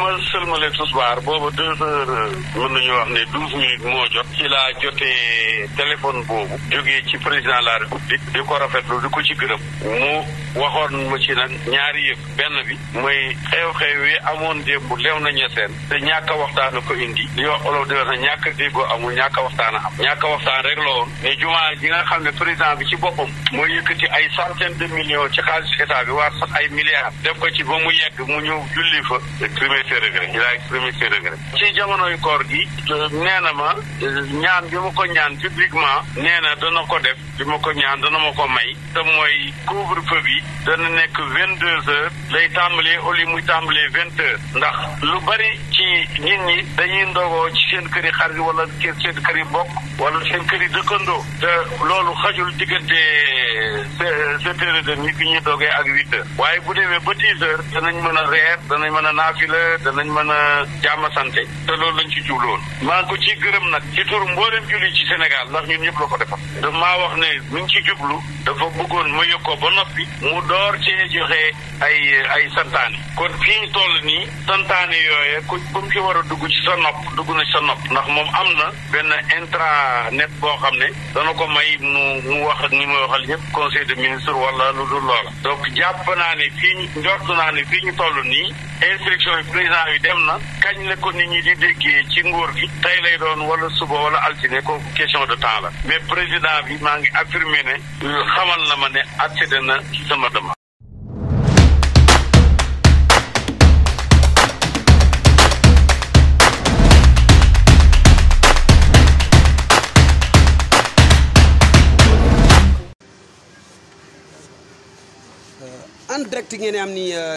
ma sëlmalee tusbaar booba deux heures euh, mën nañu wax ne douze moo jot ci laa jotee téléphone boobu jógee ci président la république di ko rafetlu di ko ci gërëm mu waxoon ma ci nag ñaari yëf benn bi mooy xew-xew yi amoon démb lew na ñeseen te ñàkk a waxtaan ko indi li wax olof di wax na ñàkk a déggoo amul ñàkk waxtaan a am ñàkk waxtaan rek la woon ne jumaa ji nga xam ne président bi ci boppam moo ci ay centaine de millions ci xaalis état bi waar sax ay milliards def ko ci ba mu yegg mu ñëw julli fa premier regret il ci jamonoy koor gi nee na ma ñaan bi ma ko ñaan publiquement nee na dana ko def bi ma ko ñaan dana ma ko may te mooy couvre feu bi dana nekk vingt deux heures lay tàmbalee au lieu muy tàmbalee vingt heures ndax lu bari ci nit ñi dañuy ndogoo ci seen kër yi xarit wala seen kër yi bokk wala seen kër yi dëkkandoo te loolu xajul diggante sept heures et demie fi ñu dogee ak huit heures waaye bu demee ba dix heures danañ man a reer danañ man a naafila danañ man a jàmm sante te loolu lañ ci jubloon maa ngi ko ci gërëm nag ci turu mboolem julli ci Sénégal ndax ñu ñëpp la ko defal dafa wax ne mi ngi ci jublu dafa bëggoon ko ba noppi mu door cee joxe ay ay santaane kon fi ñu toll nii santaane yooye ku comme ci war a dugg ci sa nopp dugg na ci sa nopp ndax moom am na benn net boo xam ne dana ko may mu mu wax ak ñi muy waxal yëpp conseil de ministre wala lu dul loola donc jàpp naa ne fii ñu naa ne fii ñu toll nii instruction yi président bi dem na kañ la ko nit ñi di déggee ci nguur gi tey lay doon wala suba wala altine kooku question de temps mais président bi maa ngi affirmé ne xamal na ma ne accédé na sama demande euh,